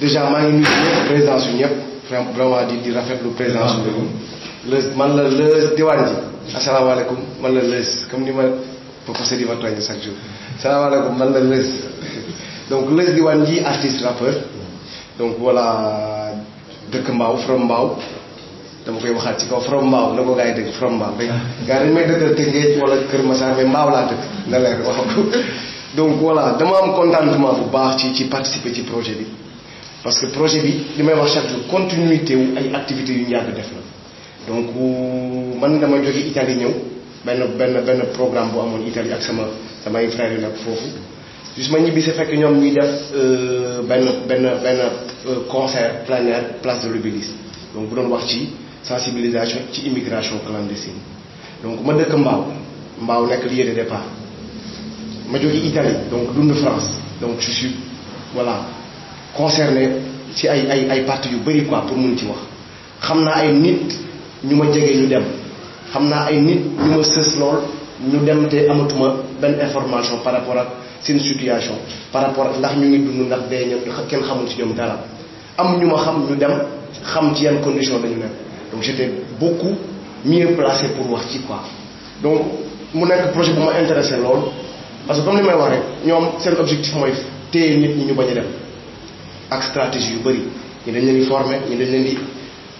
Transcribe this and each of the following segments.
déjà maa ngi nuyu ñëpp présence yu ñëpp vraiment di di rafetlu présence yu réew lës man la lës diwaan ji asalaamaaleykum man la lës comme ni ma professeur yi ma tooñ chaque jour asalaamaaleykum man la lës donc lës diwaan ji artiste rappeur donc voilà dëkk Mbaaw from Mbaaw dama koy waxaat ci kaw from Mbaaw na ko gars yi dëkk from Mbaaw rek gars yi dañ may dëkkal Tëngéej wala Kër Massar mais Mbaaw laa dëkk na leer wax donc voilà dama am contentement bu baax ci ci participer ci projet bi parce que projet bi li may wax chaque jour continuité wu ay activité yu ñu def la donc euh, man dama jóge Italie ñëw benn benn benn programme bu amoon Italie ak sama samay frères yu nekk foofu juste ma ñibbi si fekk ñoom ñuy def euh, benn benn benn euh, concert plein place de l'Obélisque donc bu doon wax ci sensibilisation ci immigration clandestine donc ma dëkk Mbaaw Mbaaw nekk lieu de départ ma jóge Italie donc dund France donc je suis voilà concerné ci ay ay ay parti yu bëri quoi pour ci wax xam naa ay nit ñu ma jege ñu dem xam naa ay nit ñu lool ñu dem amatuma benn information par rapport ak seen situation par rapport ak ndax ñu ngi dund ndax dee ñoom kenn xamul ci ñoom dara am ñu ma xam ñu dem xam ci yan condition dañu nekk donc j'étais beaucoup mieux placé quoi donc mu nekk projet bu ma intéressé lool parce que comme li may wax rek ñoom seen objectif mooy téye nit ñi ñu bañ a dem ak stratégie yu bëri ñi dañ leen di former ñi dañ leen di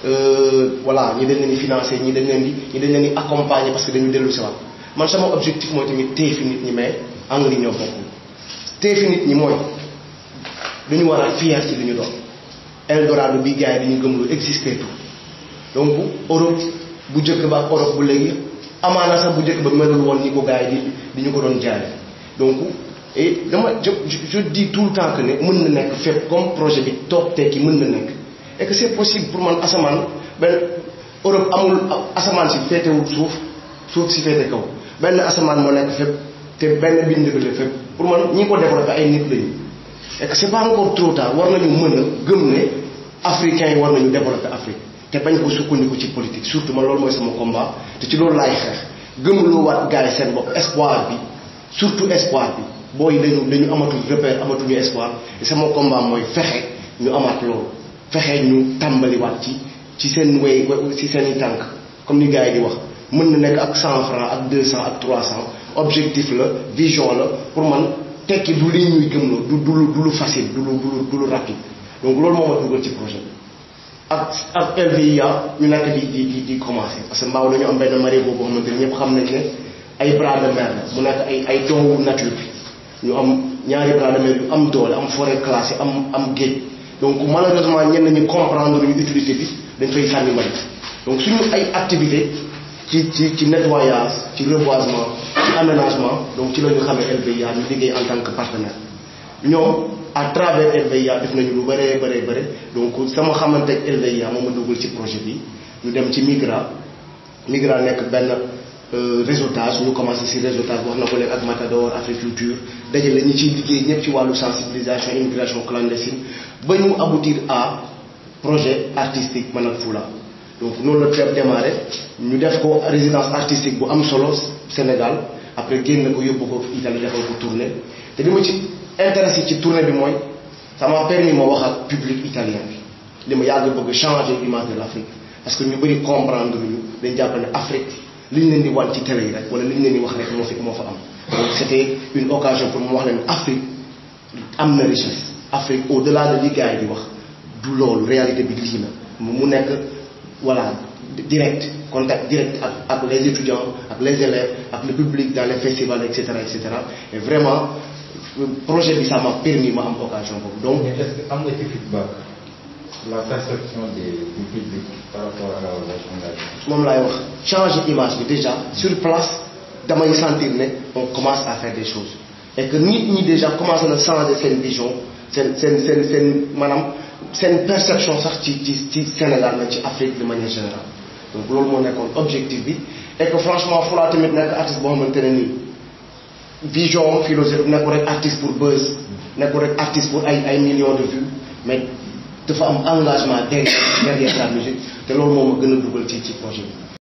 euh, voilà ñi dañ leen di financer ñi dañ leen di ñi dañ leen di accompagner parce que dañu dellu si waat man sama objectif mooy tamit téye fi nit ñi mais engrais yi ñoo bokkul téye nit ñi mooy dañu war a fier ci li ñu doon Eldorado bi gars yi dañu gëm lu existé tout donc Europe bu njëkk ba ak Europe bu léegi amaana sax bu njëkk ba melul woon ni ko gars yi di di ñu ko doon jaay donc et dama je je dis tout le temps que ne mën na nekk fépp comme projet bi toog tekki mën na nekk et que c'est possible pour man asamaan benn Europe amul asamaan si féetewul suuf suuf si féete kaw benn asamaan moo nekk fépp te benn bind bi la fépp pour man ñi ko développé ay nit lañu et que c'est pas encore trop tard war nañu mën a gëm ne africains yi war nañu développé Afrique te bañ ko sukkandiku ci politique surtout ma loolu mooy sama combat te ci loolu laay xeex gëm loo waat gars yi seen bopp espoir surtout espoir bi booy dañu dañu amatul repère amatuñu espoir sama combat mooy fexe ñu amaat loolu fexe ñu tàmbaliwaat ci ci seen way ci seen i tànk comme ni gars yi di wax mën na nekk ak 100 francs ak 200 ak 300 objectif la vision la pour man tekki du li ñuy gëmloo du du lu du lu facile du lu du lu rapide donc loolu moo ma dugal ci projet bi ak ak LVIA ñu nekk di di di commencé parce que mbaaw la ñu am benn marée boobu boo xamante ne ñëpp xam nañ ne ay bras de mer la mu nekk ay ay doowu ñu am ñaari Ibrahima lu am doole am forêt classée am am géej donc malheureusement ñenn ñi comprendre ñu utilité bi dañ fay sànni mbalit donc suñu ay activité ci ci ci nettoyage ci reboisement ci aménagement donc ci la ñu xamee LBIA ñu liggéey en tant que partenaire ñoom à travers LBIA def nañu lu bëree bëree bëri donc sama xamante ak LBIA moom ma dugal ci projet bi ñu dem ci Migra Migra nekk benn. Euh, réseautage ñu commencé si réseautage wax na ko léegi ak Matador agriculture dajale ñi ciy liggéey ñëpp ci wàllu sensibilisation immigration clandestine ba ñu aboutir à projet artistique Manak Fula donc noonu la teer démarré ñu def ko résidence artistique bu am solo Sénégal après génn ko yóbbu ko Italie defal ko tournée te li ma ci intéressé ci tournée bi mooy sama m'a permis ma wax ak public italien bi li ma yàgg bëgg changer image de l'Afrique parce que comprendre ñu dañ jàpp ne li ñu leen di wan ci télé yi rek wala li ñu leen wax rek moo fi fa am donc c'était une occasion pour mu wax leen Afrique am na richesse Afrique au-delà de li gars yi di wax du loolu réalité bi lii la mu nekk voilà direct contact direct ak ak les étudiants ak les élèves ak le public dans les festivals et cetera et cetera vraiment projet bi ça m'a permis ma am occasion boobu donc. mais est am nga ci la perception moom laay wax changer image bi déjà sur place damay sentir ne on commence à faire des choses et nit ñi déjà commencé na changer seen vision seen seen seen seen maanaam seen perception sax ci ci ci Sénégal mais ci Afrique de manière générale donc loolu moo nekkoon objectif bi et que franchement Fura tamit nekk artiste boo xamante ne nii vision philosophique nekkul rek artiste pour buzz nekkul pour ay ay de vues mais dafa am engagement derrière derrière la musique te loolu moo gën a dugal ci ci projet bi